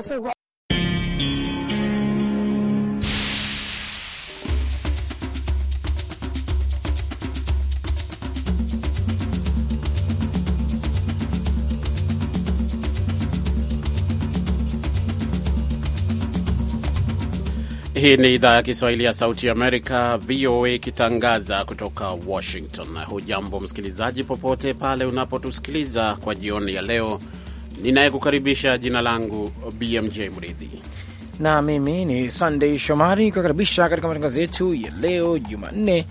Hii ni idhaa ya Kiswahili ya Sauti ya Amerika, VOA, ikitangaza kutoka Washington. Hujambo msikilizaji, popote pale unapotusikiliza kwa jioni ya leo ninayekukaribisha jina langu BMJ Mridhi na mimi ni Sandey Shomari kukaribisha katika matangazo yetu ya leo Jumanne,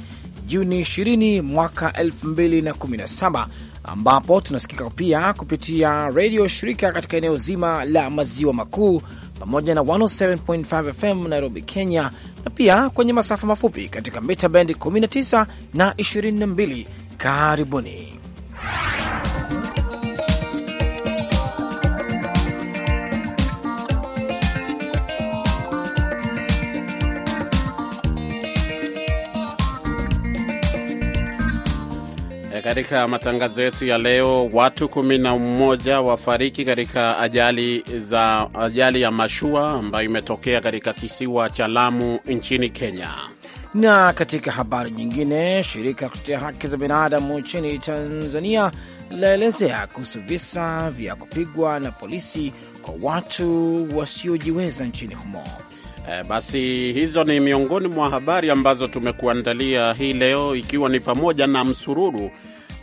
Juni 20 mwaka 2017 ambapo tunasikika pia kupitia redio shirika katika eneo zima la maziwa makuu pamoja na 107.5 FM Nairobi, Kenya, na pia kwenye masafa mafupi katika mita bendi 19 na 22. Karibuni. Katika matangazo yetu ya leo, watu kumi na mmoja wafariki katika ajali za ajali ya mashua ambayo imetokea katika kisiwa cha Lamu nchini Kenya. Na katika habari nyingine, shirika la kutetea haki za binadamu nchini Tanzania linaelezea kuhusu visa vya kupigwa na polisi kwa watu wasiojiweza nchini humo. E, basi hizo ni miongoni mwa habari ambazo tumekuandalia hii leo, ikiwa ni pamoja na msururu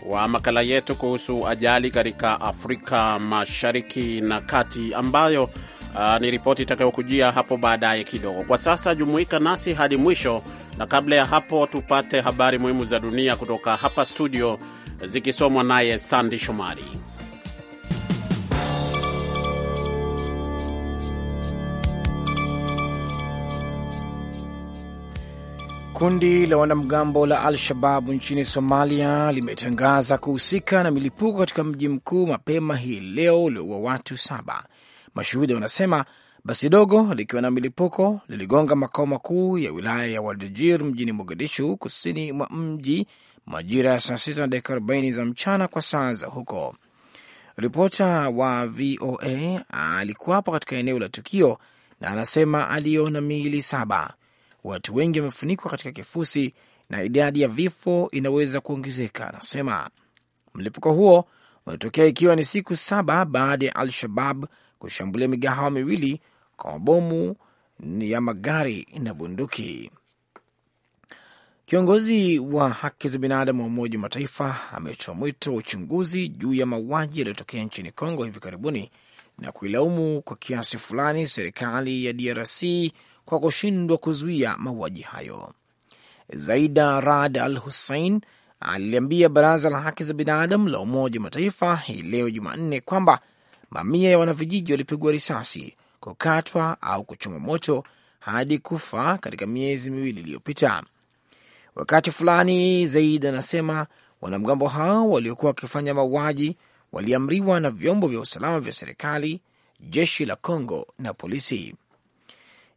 wa makala yetu kuhusu ajali katika Afrika Mashariki na Kati, ambayo uh, ni ripoti itakayokujia hapo baadaye kidogo. Kwa sasa jumuika nasi hadi mwisho, na kabla ya hapo tupate habari muhimu za dunia kutoka hapa studio, zikisomwa naye Sandi Shomari. Kundi la wanamgambo la Al-Shababu nchini Somalia limetangaza kuhusika na milipuko katika mji mkuu mapema hii leo ulioua watu saba. Mashuhuda wanasema basi dogo likiwa na milipuko liligonga makao makuu ya wilaya ya Wadajir mjini Mogadishu, kusini mwa mji majira ya saa sita na dakika arobaini za mchana kwa saa za huko. Ripota wa VOA alikuwapo katika eneo la tukio na anasema aliona miili saba watu wengi wamefunikwa katika kifusi na idadi ya vifo inaweza kuongezeka, anasema. Mlipuko huo unatokea ikiwa ni siku saba baada ya Al-Shabab kushambulia migahawa miwili kwa mabomu ya magari na bunduki. Kiongozi wa haki za binadamu wa Umoja wa Mataifa ametoa mwito wa uchunguzi juu ya mauaji yaliyotokea nchini Kongo hivi karibuni na kuilaumu kwa kiasi fulani serikali ya DRC kwa kushindwa kuzuia mauaji hayo. Zaida Rad Al Hussein aliliambia baraza la haki za binadamu la Umoja wa Mataifa hii leo Jumanne kwamba mamia ya wanavijiji walipigwa risasi, kukatwa au kuchoma moto hadi kufa katika miezi miwili iliyopita. Wakati fulani, Zaid anasema wanamgambo hao waliokuwa wakifanya mauaji waliamriwa na vyombo vya usalama vya serikali, jeshi la congo na polisi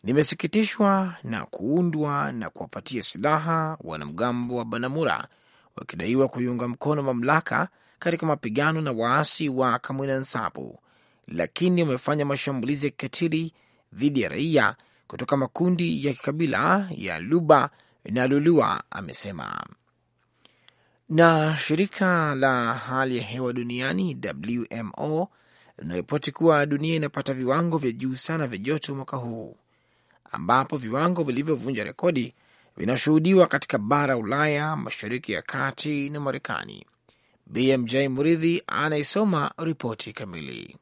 nimesikitishwa na kuundwa na kuwapatia silaha wanamgambo wa Banamura wakidaiwa kuiunga mkono mamlaka katika mapigano na waasi wa Kamwina Nsapu, lakini wamefanya mashambulizi ya kikatili dhidi ya raia kutoka makundi ya kikabila ya Luba na Lulua, amesema. Na shirika la hali ya hewa duniani WMO linaripoti kuwa dunia inapata viwango vya juu sana vya joto mwaka huu ambapo viwango vilivyovunja rekodi vinashuhudiwa katika bara Ulaya, mashariki ya kati na Marekani. BMJ Muridhi anaisoma ripoti kamili.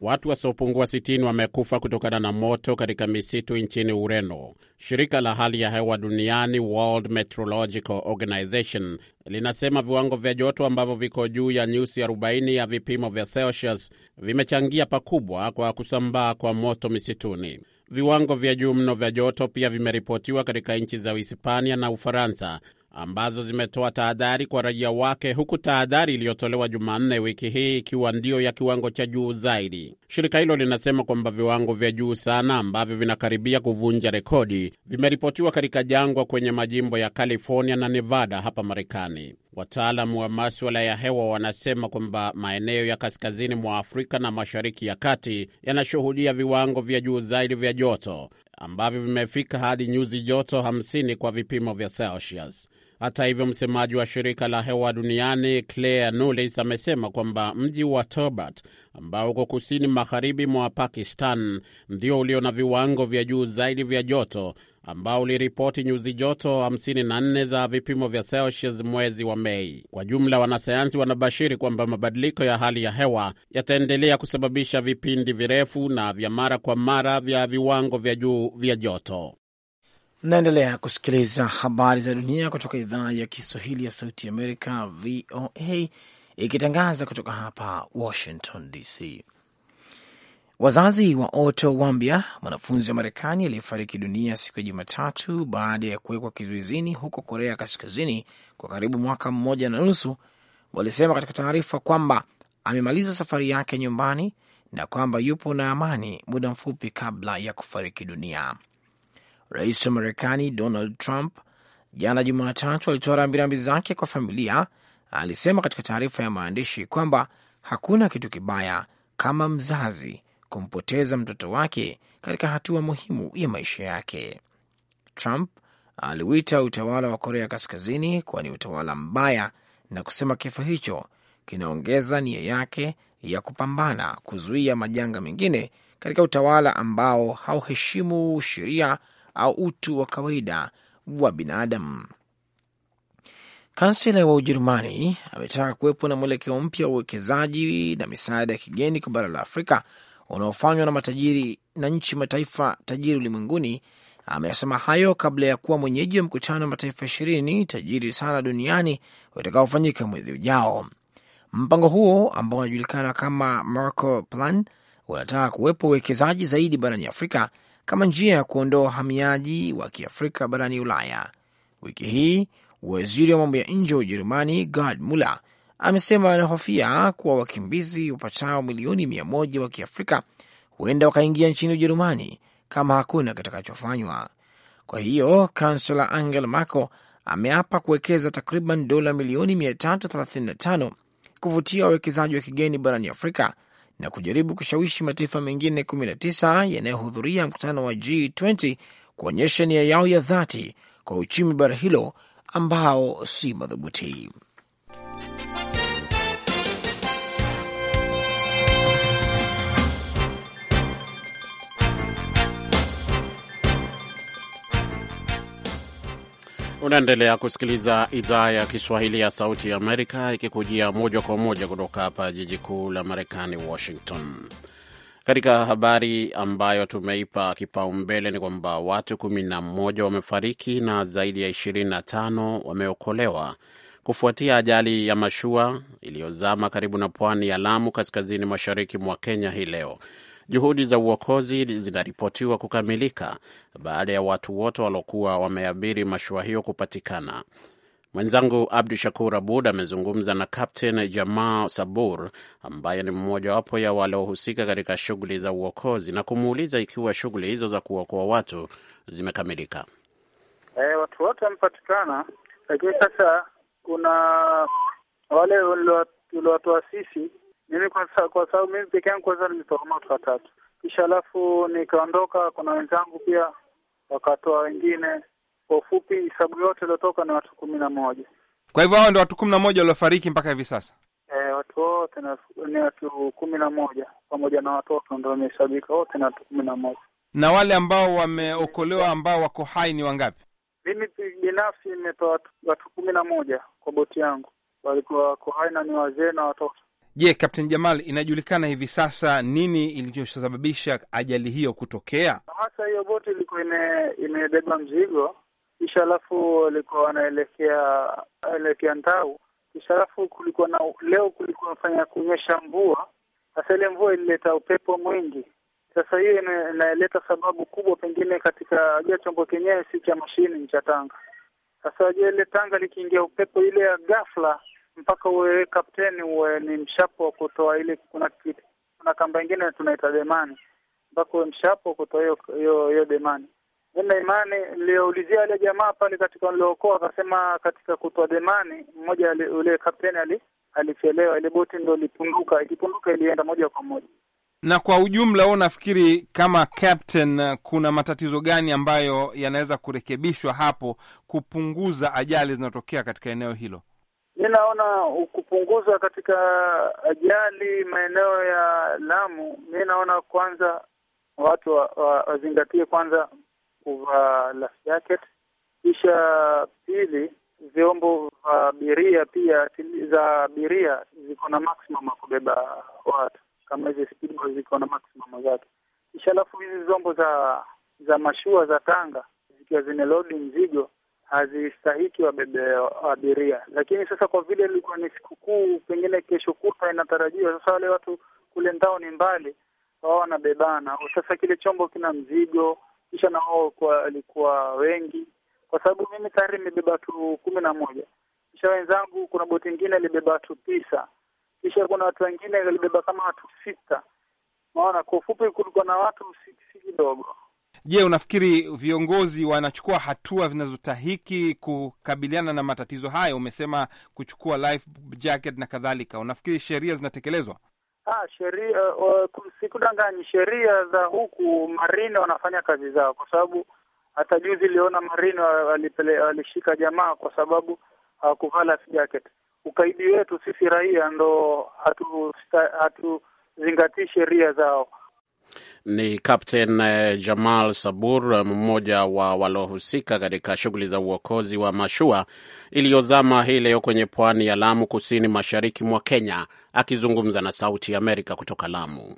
Watu wasiopungua 60 wamekufa kutokana na moto katika misitu nchini Ureno. Shirika la hali ya hewa duniani World Meteorological Organization linasema viwango vya joto ambavyo viko juu ya nyuzi 40 ya vipimo vya Celsius vimechangia pakubwa kwa kusambaa kwa moto misituni. Viwango vya juu mno vya joto pia vimeripotiwa katika nchi za Uhispania na Ufaransa ambazo zimetoa tahadhari kwa raia wake, huku tahadhari iliyotolewa Jumanne wiki hii ikiwa ndio ya kiwango cha juu zaidi. Shirika hilo linasema kwamba viwango vya juu sana ambavyo vinakaribia kuvunja rekodi vimeripotiwa katika jangwa kwenye majimbo ya California na Nevada hapa Marekani. Wataalamu wa maswala ya hewa wanasema kwamba maeneo ya kaskazini mwa Afrika na mashariki ya kati yanashuhudia viwango vya juu zaidi vya joto ambavyo vimefika hadi nyuzi joto 50 kwa vipimo vya Celsius. Hata hivyo, msemaji wa shirika la hewa duniani Claire Nulis amesema kwamba mji wa turbat ambao uko kusini magharibi mwa Pakistan ndio ulio na viwango vya juu zaidi vya joto ambao uliripoti nyuzi joto 54 za vipimo vya Celsius mwezi wa Mei. Kwa jumla, wanasayansi wanabashiri kwamba mabadiliko ya hali ya hewa yataendelea kusababisha vipindi virefu na vya mara kwa mara vya viwango vya juu vya joto. Naendelea kusikiliza habari za dunia kutoka idhaa ya Kiswahili ya Sauti Amerika, VOA, ikitangaza kutoka hapa Washington DC. Wazazi wa Otto Wambia, mwanafunzi wa Marekani aliyefariki dunia siku ya Jumatatu baada ya kuwekwa kizuizini huko Korea Kaskazini kwa karibu mwaka mmoja na nusu, walisema katika taarifa kwamba amemaliza safari yake nyumbani na kwamba yupo na amani muda mfupi kabla ya kufariki dunia. Rais wa Marekani Donald Trump jana Jumatatu alitoa rambirambi zake kwa familia. Alisema katika taarifa ya maandishi kwamba hakuna kitu kibaya kama mzazi kumpoteza mtoto wake katika hatua muhimu ya maisha yake. Trump aliwita utawala wa Korea Kaskazini kuwa ni utawala mbaya na kusema kifo hicho kinaongeza nia yake ya kupambana kuzuia majanga mengine katika utawala ambao hauheshimu sheria au utu wa kawaida wa binadamu. Kansela wa Ujerumani ametaka kuwepo na mwelekeo mpya wa uwekezaji na misaada ya kigeni kwa bara la Afrika unaofanywa na matajiri na nchi mataifa tajiri ulimwenguni. Amesema hayo kabla ya kuwa mwenyeji wa mkutano wa mataifa ishirini tajiri sana duniani utakaofanyika mwezi ujao. Mpango huo ambao unajulikana kama Marco Plan unataka kuwepo uwekezaji zaidi barani Afrika kama njia ya kuondoa wahamiaji wa kiafrika barani Ulaya. Wiki hii waziri wa mambo ya nje wa Ujerumani Gerd Muller amesema anahofia kuwa wakimbizi wapatao milioni mia moja wa kiafrika huenda wakaingia nchini Ujerumani kama hakuna kitakachofanywa. Kwa hiyo kansela Angela Merkel ameapa kuwekeza takriban dola milioni 335 kuvutia wawekezaji wa kigeni barani Afrika na kujaribu kushawishi mataifa mengine 19 yanayohudhuria mkutano wa G20 kuonyesha nia yao ya dhati kwa uchumi bara hilo ambao si madhubuti. Unaendelea kusikiliza idhaa ya Kiswahili ya Sauti ya Amerika ikikujia moja kwa moja kutoka hapa jiji kuu la Marekani, Washington. Katika habari ambayo tumeipa kipaumbele ni kwamba watu 11 wamefariki na zaidi ya 25 wameokolewa kufuatia ajali ya mashua iliyozama karibu na pwani ya Lamu, kaskazini mashariki mwa Kenya hii leo. Juhudi za uokozi zinaripotiwa kukamilika baada ya watu wote waliokuwa wameabiri mashua hiyo kupatikana. Mwenzangu Abdu Shakur Abud amezungumza na kaptn Jamaa Sabur ambaye ni mmojawapo ya waliohusika katika shughuli za uokozi na kumuuliza ikiwa shughuli hizo za kuokoa watu zimekamilika. E, watu wote wamepatikana, lakini sasa kuna wale waliwatoa sisi mimi kwa kwa sababu mimi peke yangu kwanza nilisoma watu watatu, kisha alafu nikaondoka. Kuna wenzangu pia wakatoa wengine. Kwa ufupi, hesabu yote iliotoka ni watu kumi na moja. Kwa hivyo hao ndio watu kumi na moja waliofariki mpaka hivi sasa. E, watu wote ni watu kumi na moja pamoja na watoto ndio wamehesabika wote, ni watu kumi na moja. Na wale ambao wameokolewa ambao wako hai ni wangapi? Mimi binafsi nimetoa watu kumi na moja kwa boti yangu, walikuwa wako hai na ni wazee na watoto. Je, Kapteni Jamal, inajulikana hivi sasa nini ilichosababisha ajali hiyo kutokea? Hasa hiyo boti ilikuwa imebeba mzigo, kisha alafu walikuwa wanaelekea elekea Ndau, kisha alafu kulikuwa na leo kulikuwa fanya kunyesha mvua. Sasa ile mvua ilileta upepo mwingi, sasa hiyo inaleta sababu kubwa, pengine katika jua chombo kenyewe si cha mashini, ni cha tanga. Sasa je ile tanga likiingia upepo ile ya ghafla mpaka uwe kapteni uwe ni mshapo wa kutoa ile, kuna kitu, kuna kamba ingine tunaita demani, mpaka uwe mshapo wa kutoa hiyo hiyo hiyo demani. Ile imani niliyoulizia ile jamaa pale katika niliokoa, akasema katika kutoa demani mmoja, ule kapteni ali alichelewa, ile boti ndio ilipunduka. Ikipunduka ilienda moja kwa moja. Na kwa ujumla, wewe unafikiri kama captain, kuna matatizo gani ambayo yanaweza kurekebishwa hapo kupunguza ajali zinazotokea katika eneo hilo? Mi naona kupunguzwa katika ajali maeneo ya Lamu, mi naona kwanza watu wazingatie wa, wa kwanza kuvaa life jacket, kisha pili, vyombo vya abiria pia za abiria ziko na maximum ya kubeba watu kama hizi speedboat ziko na maximum zake, kisha alafu hizi vyombo za za mashua za tanga zikiwa zimelodi mzigo hazistahiki wabebe abiria. Lakini sasa kwa vile ilikuwa ni sikukuu, pengine kesho kutwa inatarajiwa, sasa wale watu kule ndao ni mbali, wao wanabebana. Sasa kile chombo kina mzigo, kisha na wao walikuwa wengi, kwa sababu mimi tayari nimebeba watu kumi na moja, kisha wenzangu, kuna boti ingine ilibeba watu tisa, kisha kuna watu wengine walibeba kama watu sita. Naona kwa ufupi, kulikuwa na watu si kidogo Je, unafikiri viongozi wanachukua hatua zinazostahiki kukabiliana na matatizo hayo? Umesema kuchukua life jacket na kadhalika, unafikiri sheria zinatekelezwa? Ah, sheria uh, sikudanganyi, sheria za huku marine wanafanya kazi zao, kwa sababu hata juzi iliona marine walishika jamaa kwa sababu hawakuvaa life jacket. Ukaidi wetu sisi raia ndo hatuzingatii hatu sheria zao. Ni Captain eh, Jamal Sabur, eh, mmoja wa waliohusika katika shughuli za uokozi wa mashua iliyozama hii leo kwenye pwani ya Lamu, kusini mashariki mwa Kenya, akizungumza na Sauti ya Amerika kutoka Lamu.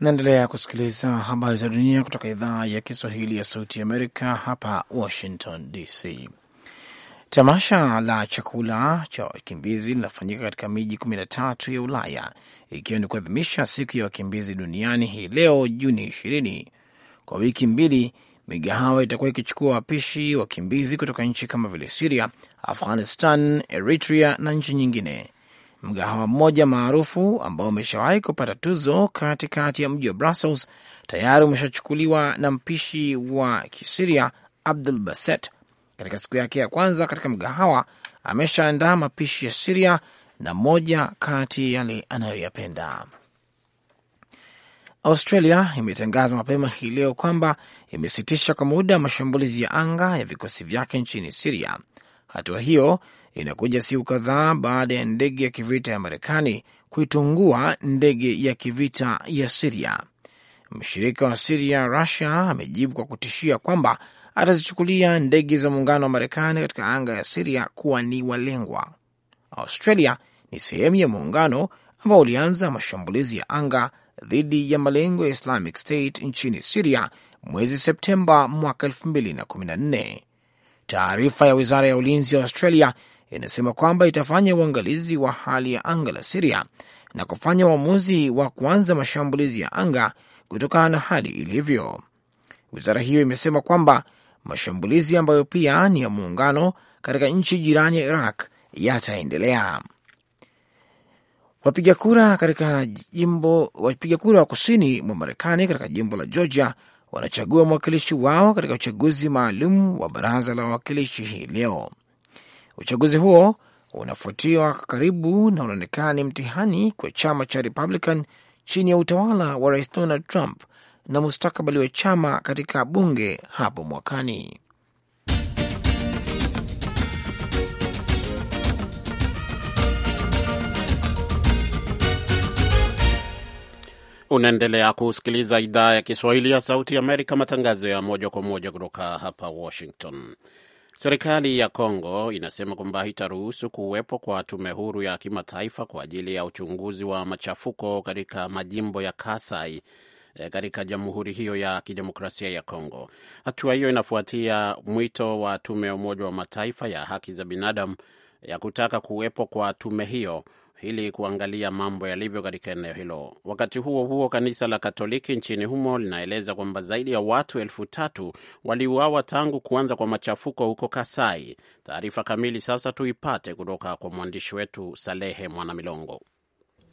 Naendelea kusikiliza habari za dunia kutoka idhaa ya Kiswahili ya Sauti ya Amerika hapa Washington DC. Tamasha la chakula cha wakimbizi linafanyika katika miji kumi na tatu ya Ulaya ikiwa ni kuadhimisha siku ya wakimbizi duniani hii leo Juni ishirini. Kwa wiki mbili, migahawa itakuwa ikichukua wapishi wakimbizi kutoka nchi kama vile Siria, Afghanistan, Eritrea na nchi nyingine. Mgahawa mmoja maarufu ambao umeshawahi kupata tuzo katikati ya mji wa Brussels tayari umeshachukuliwa na mpishi wa Kisiria Abdul Baset katika siku yake ya kwanza katika mgahawa, ameshaandaa mapishi ya Siria na moja kati yale anayoyapenda. Australia imetangaza mapema hii leo kwamba imesitisha kwa muda mashambulizi ya anga ya vikosi vyake nchini Siria. Hatua hiyo inakuja siku kadhaa baada ya ndege ya kivita ya Marekani kuitungua ndege ya kivita ya Siria. Mshirika wa Siria Rusia amejibu kwa kutishia kwamba atazichukulia ndege za muungano wa Marekani katika anga ya Siria kuwa ni walengwa. Australia ni sehemu ya muungano ambao ulianza mashambulizi ya anga dhidi ya malengo ya Islamic State nchini Siria mwezi Septemba mwaka nne. Taarifa ya wizara ya ulinzi ya Australia inasema kwamba itafanya uangalizi wa hali ya anga la Siria na kufanya uamuzi wa kuanza mashambulizi ya anga kutokana na hali ilivyo. Wizara hiyo imesema kwamba Mashambulizi ambayo pia ni ya muungano katika nchi jirani ya Iraq yataendelea. Wapiga kura katika jimbo, wapiga kura wa kusini mwa Marekani katika jimbo la Georgia wanachagua mwakilishi wao katika uchaguzi maalum wa baraza la wawakilishi hii leo. Uchaguzi huo unafuatiwa karibu na unaonekana ni mtihani kwa chama cha Republican chini ya utawala wa Rais Donald Trump na mustakabali wa chama katika bunge hapo mwakani. Unaendelea kusikiliza idhaa ya Kiswahili ya Sauti Amerika, matangazo ya moja kwa moja kutoka hapa Washington. Serikali ya congo inasema kwamba haitaruhusu kuwepo kwa tume huru ya kimataifa kwa ajili ya uchunguzi wa machafuko katika majimbo ya Kasai Eh, katika jamhuri hiyo ya kidemokrasia ya congo Hatua hiyo inafuatia mwito wa tume ya Umoja wa Mataifa ya haki za binadamu ya kutaka kuwepo kwa tume hiyo ili kuangalia mambo yalivyo katika eneo hilo. Wakati huo huo, kanisa la Katoliki nchini humo linaeleza kwamba zaidi ya watu elfu tatu waliuawa tangu kuanza kwa machafuko huko Kasai. Taarifa kamili sasa tuipate kutoka kwa mwandishi wetu Salehe Mwanamilongo.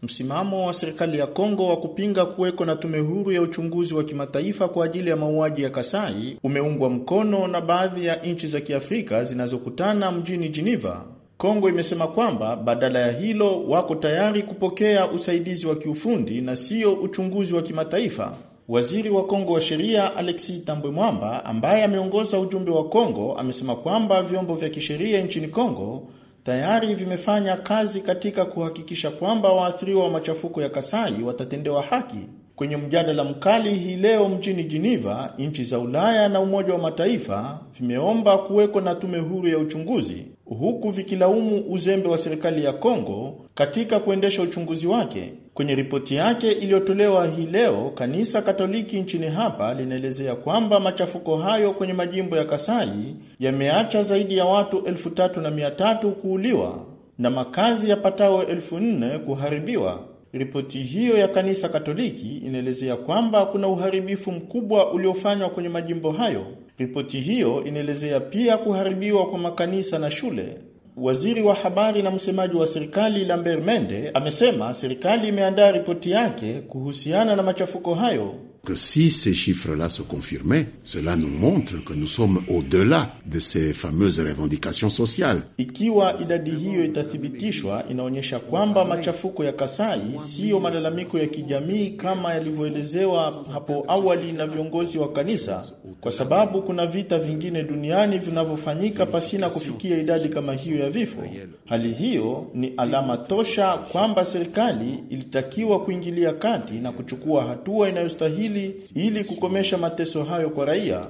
Msimamo wa serikali ya Kongo wa kupinga kuweko na tume huru ya uchunguzi wa kimataifa kwa ajili ya mauaji ya Kasai umeungwa mkono na baadhi ya nchi za Kiafrika zinazokutana mjini Geneva. Kongo imesema kwamba badala ya hilo wako tayari kupokea usaidizi wa kiufundi na siyo uchunguzi wa kimataifa. Waziri wa Kongo wa sheria Alexis Tambwe Mwamba ambaye ameongoza ujumbe wa Kongo amesema kwamba vyombo vya kisheria nchini Kongo tayari vimefanya kazi katika kuhakikisha kwamba waathiriwa wa machafuko ya Kasai watatendewa haki. Kwenye mjadala mkali hii leo mjini Geneva, nchi za Ulaya na Umoja wa Mataifa vimeomba kuweko na tume huru ya uchunguzi, huku vikilaumu uzembe wa serikali ya Kongo katika kuendesha uchunguzi wake. Kwenye ripoti yake iliyotolewa hii leo, kanisa Katoliki nchini hapa linaelezea kwamba machafuko hayo kwenye majimbo ya Kasai yameacha zaidi ya watu 33 kuuliwa na makazi yapatao 4 kuharibiwa. Ripoti hiyo ya kanisa Katoliki inaelezea kwamba kuna uharibifu mkubwa uliofanywa kwenye majimbo hayo. Ripoti hiyo inaelezea pia kuharibiwa kwa makanisa na shule. Waziri wa habari na msemaji wa serikali Lambert Mende amesema serikali imeandaa ripoti yake kuhusiana na machafuko hayo que si ces chiffres-là se confirmaient, cela nous montre que nous sommes au-delà de ces fameuses revendications sociales. Ikiwa idadi hiyo itathibitishwa, inaonyesha kwamba machafuko ya Kasai siyo malalamiko ya kijamii kama yalivyoelezewa hapo awali na viongozi wa kanisa, kwa sababu kuna vita vingine duniani vinavyofanyika pasina kufikia idadi kama hiyo ya vifo. Hali hiyo ni alama tosha kwamba serikali ilitakiwa kuingilia kati na kuchukua hatua inayostahili hili ili kukomesha mateso hayo kwa raia.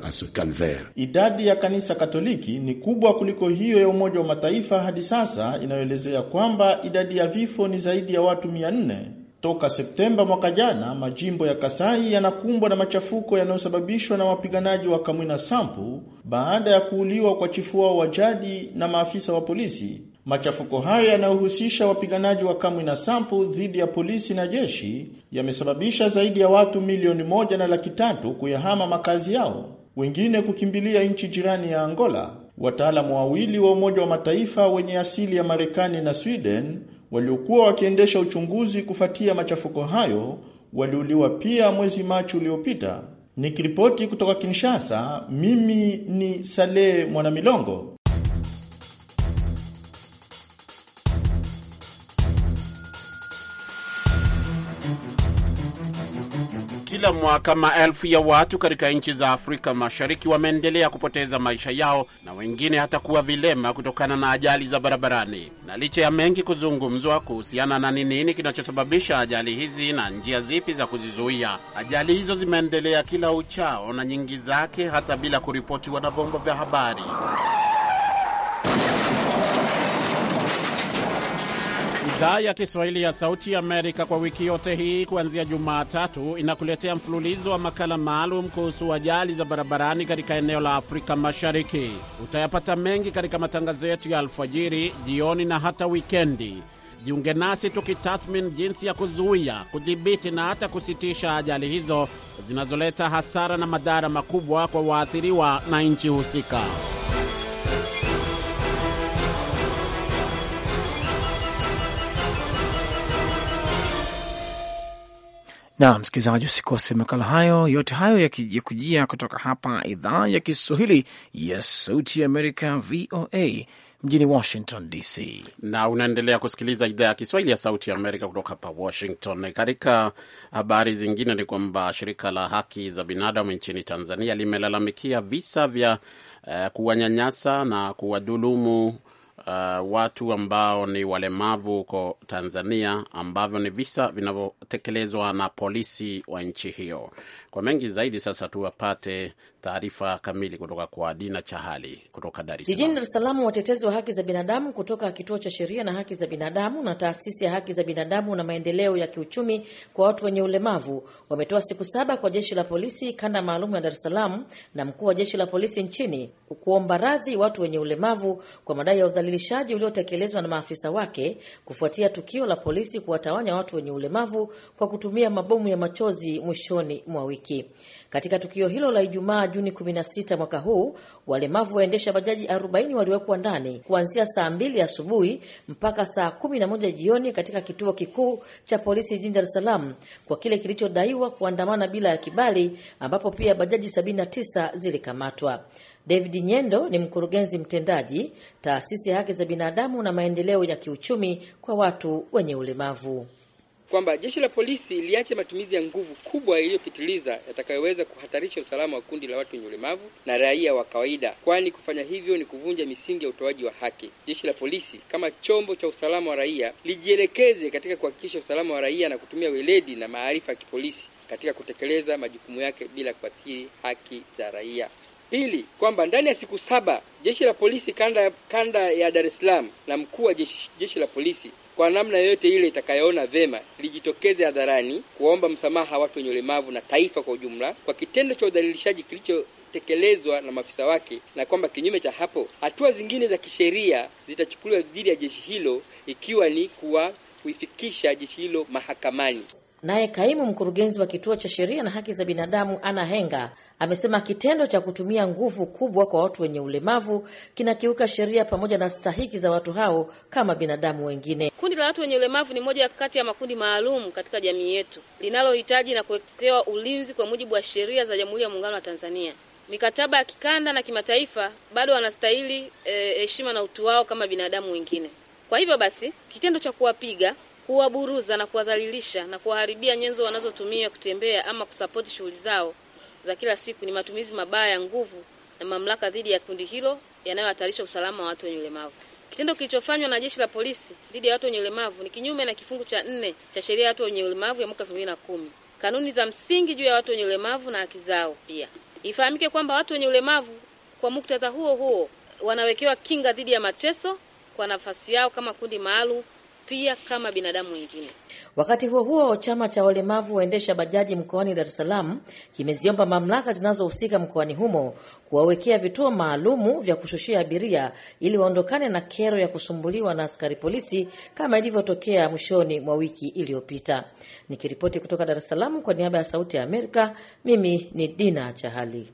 Idadi ya kanisa Katoliki ni kubwa kuliko hiyo ya Umoja wa Mataifa hadi sasa inayoelezea kwamba idadi ya vifo ni zaidi ya watu 400. Toka Septemba mwaka jana, majimbo ya Kasai yanakumbwa na machafuko yanayosababishwa na wapiganaji wa Kamwina Sampu baada ya kuuliwa kwa chifu wao wa jadi na maafisa wa polisi. Machafuko haya yanayohusisha wapiganaji wa na Sampu dhidi ya polisi na jeshi yamesababisha zaidi ya watu milioni moja na laki tatu kuyahama makazi yao, wengine kukimbilia nchi jirani ya Angola. Wataalamu wawili wa Umoja wa Mataifa wenye asili ya Marekani na Sweden waliokuwa wakiendesha uchunguzi kufuatia machafuko hayo waliuliwa pia mwezi Machi uliopita. Nikiripoti kutoka Kinshasa, mimi ni Saleh Mwanamilongo. Kila mwaka maelfu ya watu katika nchi za Afrika Mashariki wameendelea kupoteza maisha yao na wengine hata kuwa vilema kutokana na ajali za barabarani. Na licha ya mengi kuzungumzwa kuhusiana na ni nini kinachosababisha ajali hizi na njia zipi za kuzizuia, ajali hizo zimeendelea kila uchao na nyingi zake hata bila kuripotiwa na vyombo vya habari. Idhaa ya Kiswahili ya Sauti ya Amerika kwa wiki yote hii kuanzia Jumatatu inakuletea mfululizo wa makala maalum kuhusu ajali za barabarani katika eneo la Afrika Mashariki. Utayapata mengi katika matangazo yetu ya alfajiri, jioni na hata wikendi. Jiunge nasi tukitathmini jinsi ya kuzuia, kudhibiti na hata kusitisha ajali hizo zinazoleta hasara na madhara makubwa kwa waathiriwa na nchi husika. Na msikilizaji, usikose makala hayo yote, hayo yakikujia kutoka hapa idhaa ya Kiswahili ya Sauti ya Amerika, VOA mjini Washington DC, na unaendelea kusikiliza idhaa ya Kiswahili ya Sauti ya Amerika kutoka hapa Washington. Katika habari zingine, ni kwamba shirika la haki za binadamu nchini Tanzania limelalamikia visa vya uh, kuwanyanyasa na kuwadhulumu uh, watu ambao ni walemavu huko Tanzania, ambavyo ni visa vinavyotekelezwa na polisi wa nchi hiyo. Kwa mengi zaidi, sasa tuwapate Taarifa kamili kutoka kwa Dina Chahali kutoka Dar es Salaam. Jijini Dar es Salaam, watetezi wa haki za binadamu kutoka Kituo cha Sheria na Haki za Binadamu na Taasisi ya Haki za Binadamu na Maendeleo ya Kiuchumi kwa Watu wenye Ulemavu wametoa siku saba kwa jeshi la polisi kanda maalum ya Dar es Salaam na mkuu wa jeshi la polisi nchini kuomba radhi watu wenye ulemavu kwa madai ya udhalilishaji uliotekelezwa na maafisa wake kufuatia tukio la polisi kuwatawanya watu wenye ulemavu kwa kutumia mabomu ya machozi mwishoni mwa wiki. Katika tukio hilo la Ijumaa Juni 16 mwaka huu, walemavu waendesha bajaji 40 waliwekwa ndani kuanzia saa 2 asubuhi mpaka saa 11 jioni katika kituo kikuu cha polisi jijini Dar es Salaam kwa kile kilichodaiwa kuandamana bila ya kibali, ambapo pia bajaji 79 zilikamatwa. David Nyendo ni mkurugenzi mtendaji taasisi ya haki za binadamu na maendeleo ya kiuchumi kwa watu wenye ulemavu kwamba jeshi la polisi liache matumizi ya nguvu kubwa iliyopitiliza yatakayoweza kuhatarisha usalama wa kundi la watu wenye ulemavu na raia wa kawaida, kwani kufanya hivyo ni kuvunja misingi ya utoaji wa haki. Jeshi la polisi kama chombo cha usalama wa raia lijielekeze katika kuhakikisha usalama wa raia na kutumia weledi na maarifa ya kipolisi katika kutekeleza majukumu yake bila kuathiri haki za raia. Pili, kwamba ndani ya siku saba jeshi la polisi kanda, kanda ya Dar es Salaam na mkuu wa jeshi, jeshi la polisi kwa namna yoyote ile itakayoona vema lijitokeze hadharani kuwaomba msamaha watu wenye ulemavu na taifa kwa ujumla kwa kitendo cha udhalilishaji kilicho tekelezwa na maafisa wake, na kwamba kinyume cha hapo hatua zingine za kisheria zitachukuliwa dhidi ya jeshi hilo, ikiwa ni kuwa kuifikisha jeshi hilo mahakamani. Naye kaimu mkurugenzi wa kituo cha sheria na haki za binadamu Ana Henga amesema kitendo cha kutumia nguvu kubwa kwa watu wenye ulemavu kinakiuka sheria pamoja na stahiki za watu hao kama binadamu wengine. Kundi la watu wenye ulemavu ni moja kati ya makundi maalum katika jamii yetu linalohitaji na kuwekewa ulinzi kwa mujibu wa sheria za Jamhuri ya Muungano wa Tanzania, mikataba ya kikanda na kimataifa. Bado wanastahili eh, heshima e, na utu wao kama binadamu wengine. Kwa hivyo basi kitendo cha kuwapiga huwaburuza na kuwadhalilisha na kuwaharibia nyenzo wanazotumia kutembea ama kusapoti shughuli zao za kila siku ni matumizi mabaya ya nguvu na mamlaka dhidi ya kundi hilo yanayohatarisha usalama wa watu wenye ulemavu. Kitendo kilichofanywa na jeshi la polisi dhidi ya watu wenye ulemavu ni kinyume na kifungu cha nne cha sheria ya watu wenye ulemavu ya mwaka kumi kanuni za msingi juu ya watu wenye ulemavu na haki zao. Pia ifahamike kwamba watu wenye ulemavu kwa muktadha huo huo wanawekewa kinga dhidi ya mateso kwa nafasi yao kama kundi maalum pia kama binadamu wengine. Wakati huo huo, chama cha walemavu waendesha bajaji mkoani Dar es Salaam kimeziomba mamlaka zinazohusika mkoani humo kuwawekea vituo maalumu vya kushushia abiria ili waondokane na kero ya kusumbuliwa na askari polisi kama ilivyotokea mwishoni mwa wiki iliyopita. Nikiripoti kutoka Dar es Salaam kwa niaba ya Sauti ya Amerika, mimi ni Dina Chahali.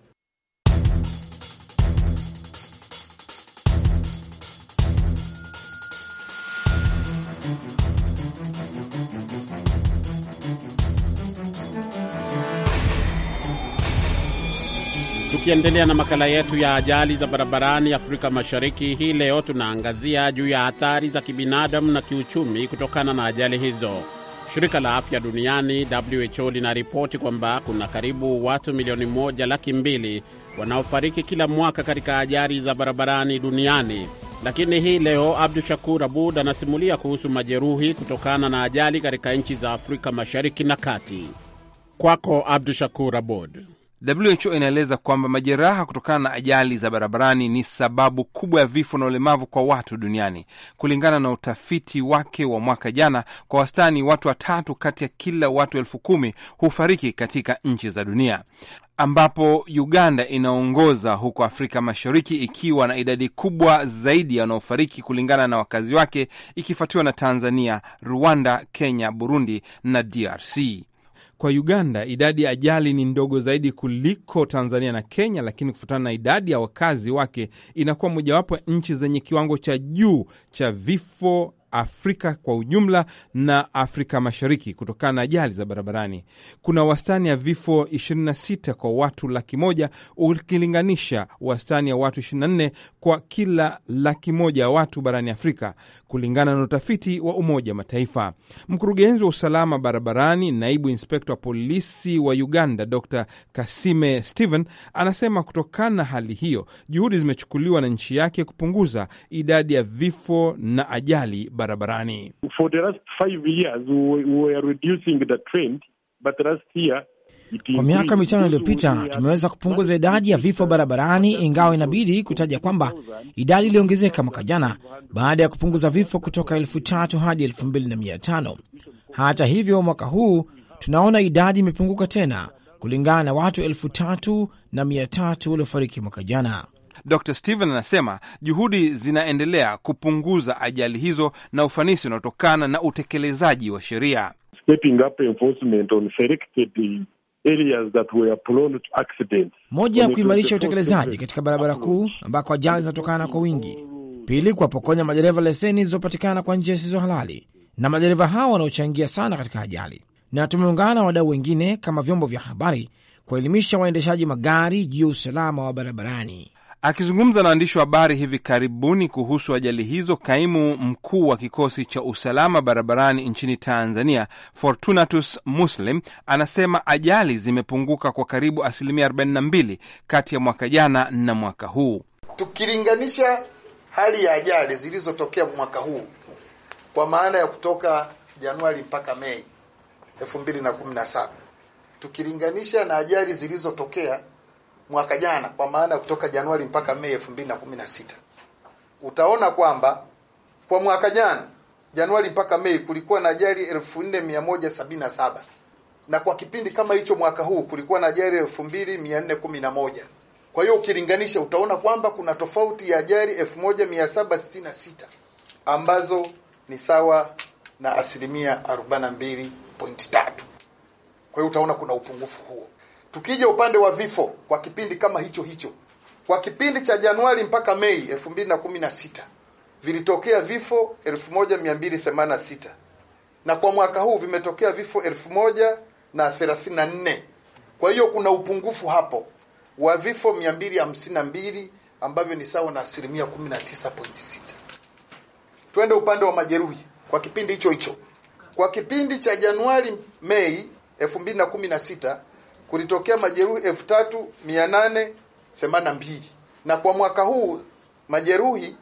Tukiendelea na makala yetu ya ajali za barabarani Afrika Mashariki, hii leo tunaangazia juu ya athari za kibinadamu na kiuchumi kutokana na ajali hizo. Shirika la Afya Duniani WHO linaripoti kwamba kuna karibu watu milioni moja laki mbili wanaofariki kila mwaka katika ajali za barabarani duniani. Lakini hii leo Abdu Shakur Abud anasimulia kuhusu majeruhi kutokana na ajali katika nchi za Afrika Mashariki na Kati. Kwako Abdu Shakur Abud. WHO inaeleza kwamba majeraha kutokana na ajali za barabarani ni sababu kubwa ya vifo na ulemavu kwa watu duniani. Kulingana na utafiti wake wa mwaka jana, kwa wastani watu watatu kati ya kila watu elfu kumi hufariki katika nchi za dunia, ambapo Uganda inaongoza huko Afrika Mashariki ikiwa na idadi kubwa zaidi ya wanaofariki kulingana na wakazi wake, ikifuatiwa na Tanzania, Rwanda, Kenya, Burundi na DRC. Kwa Uganda idadi ya ajali ni ndogo zaidi kuliko Tanzania na Kenya, lakini kufuatana na idadi ya wakazi wake inakuwa mojawapo ya nchi zenye kiwango cha juu cha vifo Afrika kwa ujumla na Afrika Mashariki kutokana na ajali za barabarani. Kuna wastani ya vifo 26 kwa watu laki moja ukilinganisha wastani ya watu 24 kwa kila laki moja ya watu barani Afrika, kulingana na utafiti wa Umoja wa Mataifa. Mkurugenzi wa usalama barabarani, naibu inspekta wa polisi wa Uganda Dr Kasime Steven anasema kutokana na hali hiyo, juhudi zimechukuliwa na nchi yake kupunguza idadi ya vifo na ajali barabarani. For the last five years, we reducing the trend, but last year kwa miaka mitano iliyopita tumeweza kupunguza idadi ya vifo barabarani, ingawa inabidi kutaja kwamba idadi iliongezeka mwaka jana baada ya kupunguza vifo kutoka elfu tatu hadi elfu mbili na mia tano. Hata hivyo, mwaka huu tunaona idadi imepunguka tena kulingana na watu elfu tatu na mia tatu waliofariki mwaka jana. Dr Steven anasema juhudi zinaendelea kupunguza ajali hizo na ufanisi unaotokana na utekelezaji wa sheria. Moja ya kuimarisha utekelezaji katika barabara kuu ambako ajali zinatokana kwa wingi; pili, kuwapokonya madereva leseni zilizopatikana kwa njia zisizo halali na madereva hao wanaochangia sana katika ajali, na tumeungana na wadau wengine kama vyombo vya habari kuwaelimisha waendeshaji magari juu ya usalama wa barabarani. Akizungumza na waandishi wa habari hivi karibuni kuhusu ajali hizo, kaimu mkuu wa kikosi cha usalama barabarani nchini Tanzania, Fortunatus Muslim, anasema ajali zimepunguka kwa karibu asilimia 42 kati ya mwaka jana na mwaka huu. Tukilinganisha hali ya ajali zilizotokea mwaka huu kwa maana ya kutoka Januari mpaka Mei 2017 tukilinganisha na ajali zilizotokea mwaka jana, kwa maana kutoka Januari mpaka Mei sita utaona kwamba kwa mwaka jana Januari mpaka Mei kulikuwa na ajali 4177 na kwa kipindi kama hicho mwaka huu kulikuwa na ajali 2411. Kwa hiyo ukilinganisha utaona kwamba kuna tofauti ya ajali sita ambazo ni sawa na asilimia 42.3. Kwa hiyo utaona kuna upungufu huo. Tukija upande wa vifo kwa kipindi kama hicho hicho, kwa kipindi cha Januari mpaka Mei 2016 vilitokea vifo 1286 na kwa mwaka huu vimetokea vifo 1034. Kwa hiyo kuna upungufu hapo wa vifo 252 ambavyo ni sawa na asilimia 19.6. Twende upande wa majeruhi kwa kipindi hicho hicho, kwa kipindi cha Januari Mei 2016 kulitokea majeruhi 3882 na kwa mwaka huu majeruhi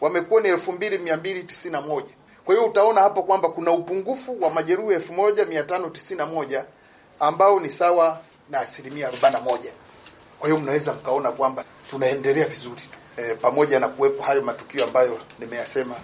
wamekuwa ni 2291. Kwa hiyo utaona hapo kwamba kuna upungufu wa majeruhi 1591 ambao ni sawa na asilimia 41. Kwa hiyo mnaweza mkaona kwamba tunaendelea vizuri tu e, pamoja na kuwepo hayo matukio ambayo nimeyasema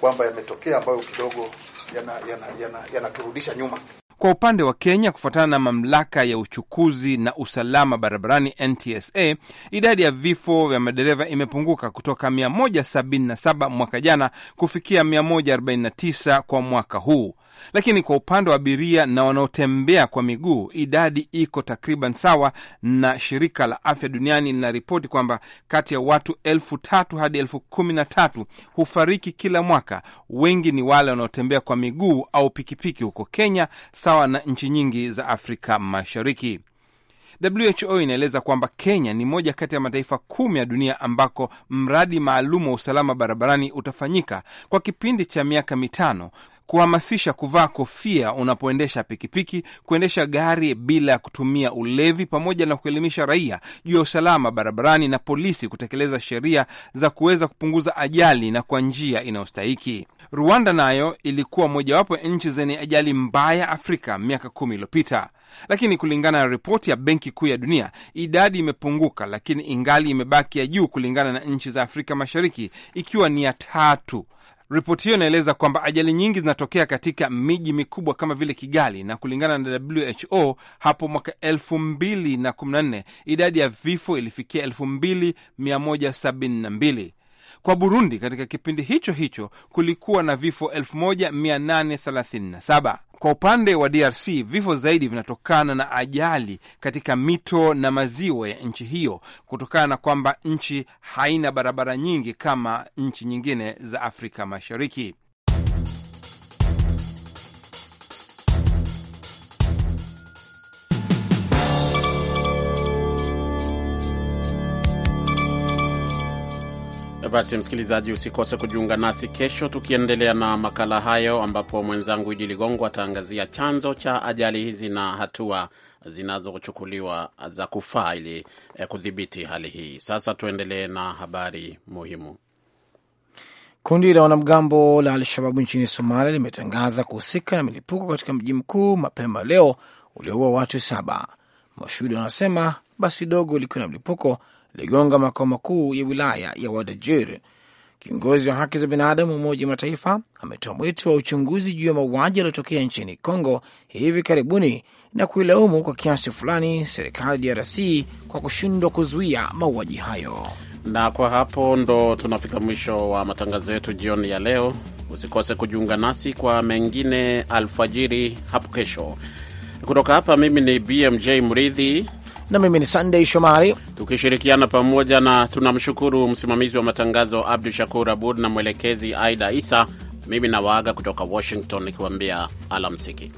kwamba yametokea ambayo kidogo yanaturudisha yana, yana, yana nyuma. Kwa upande wa Kenya, kufuatana na mamlaka ya uchukuzi na usalama barabarani NTSA, idadi ya vifo vya madereva imepunguka kutoka 177 mwaka jana kufikia 149 kwa mwaka huu lakini kwa upande wa abiria na wanaotembea kwa miguu idadi iko takriban sawa, na shirika la afya duniani linaripoti kwamba kati ya watu elfu tatu hadi elfu kumi na tatu hufariki kila mwaka. Wengi ni wale wanaotembea kwa miguu au pikipiki huko Kenya, sawa na nchi nyingi za Afrika Mashariki. WHO inaeleza kwamba Kenya ni moja kati ya mataifa kumi ya dunia ambako mradi maalum wa usalama barabarani utafanyika kwa kipindi cha miaka mitano kuhamasisha kuvaa kofia unapoendesha pikipiki, kuendesha gari bila ya kutumia ulevi, pamoja na kuelimisha raia juu ya usalama barabarani na polisi kutekeleza sheria za kuweza kupunguza ajali na kwa njia inayostahiki. Rwanda nayo ilikuwa mojawapo ya nchi zenye ajali mbaya Afrika miaka kumi iliyopita, lakini kulingana na ripoti ya Benki Kuu ya Dunia idadi imepunguka, lakini ingali imebaki ya juu kulingana na nchi za Afrika Mashariki, ikiwa ni ya tatu. Ripoti hiyo inaeleza kwamba ajali nyingi zinatokea katika miji mikubwa kama vile Kigali, na kulingana na WHO hapo mwaka 2014 idadi ya vifo ilifikia 2172. Kwa Burundi, katika kipindi hicho hicho kulikuwa na vifo 1837. Kwa upande wa DRC, vifo zaidi vinatokana na ajali katika mito na maziwa ya nchi hiyo kutokana na kwamba nchi haina barabara nyingi kama nchi nyingine za Afrika Mashariki. basi, msikilizaji, usikose kujiunga nasi kesho tukiendelea na makala hayo, ambapo mwenzangu Idi Ligongo ataangazia chanzo cha ajali hizi na hatua zinazochukuliwa za kufaa ili eh, kudhibiti hali hii. Sasa tuendelee na habari muhimu. Kundi la wanamgambo la alshababu nchini Somalia limetangaza kuhusika na milipuko katika mji mkuu mapema leo ulioua watu saba. Mashuhuda wanasema basi dogo likiwa na mlipuko iligonga makao makuu ya wilaya ya Wadajir. Kiongozi wa haki za binadamu wa Umoja Mataifa ametoa mwito wa uchunguzi juu ya mauaji yaliyotokea nchini congo hivi karibuni na kuilaumu kwa kiasi fulani serikali ya DRC kwa kushindwa kuzuia mauaji hayo. Na kwa hapo ndo tunafika mwisho wa matangazo yetu jioni ya leo. Usikose kujiunga nasi kwa mengine alfajiri hapo kesho. Kutoka hapa, mimi ni BMJ Mridhi na mimi ni Sunday Shomari, tukishirikiana pamoja na tunamshukuru msimamizi wa matangazo Abdu Shakur Abud na mwelekezi Aida Isa. Mimi nawaaga kutoka Washington nikiwaambia alamsiki.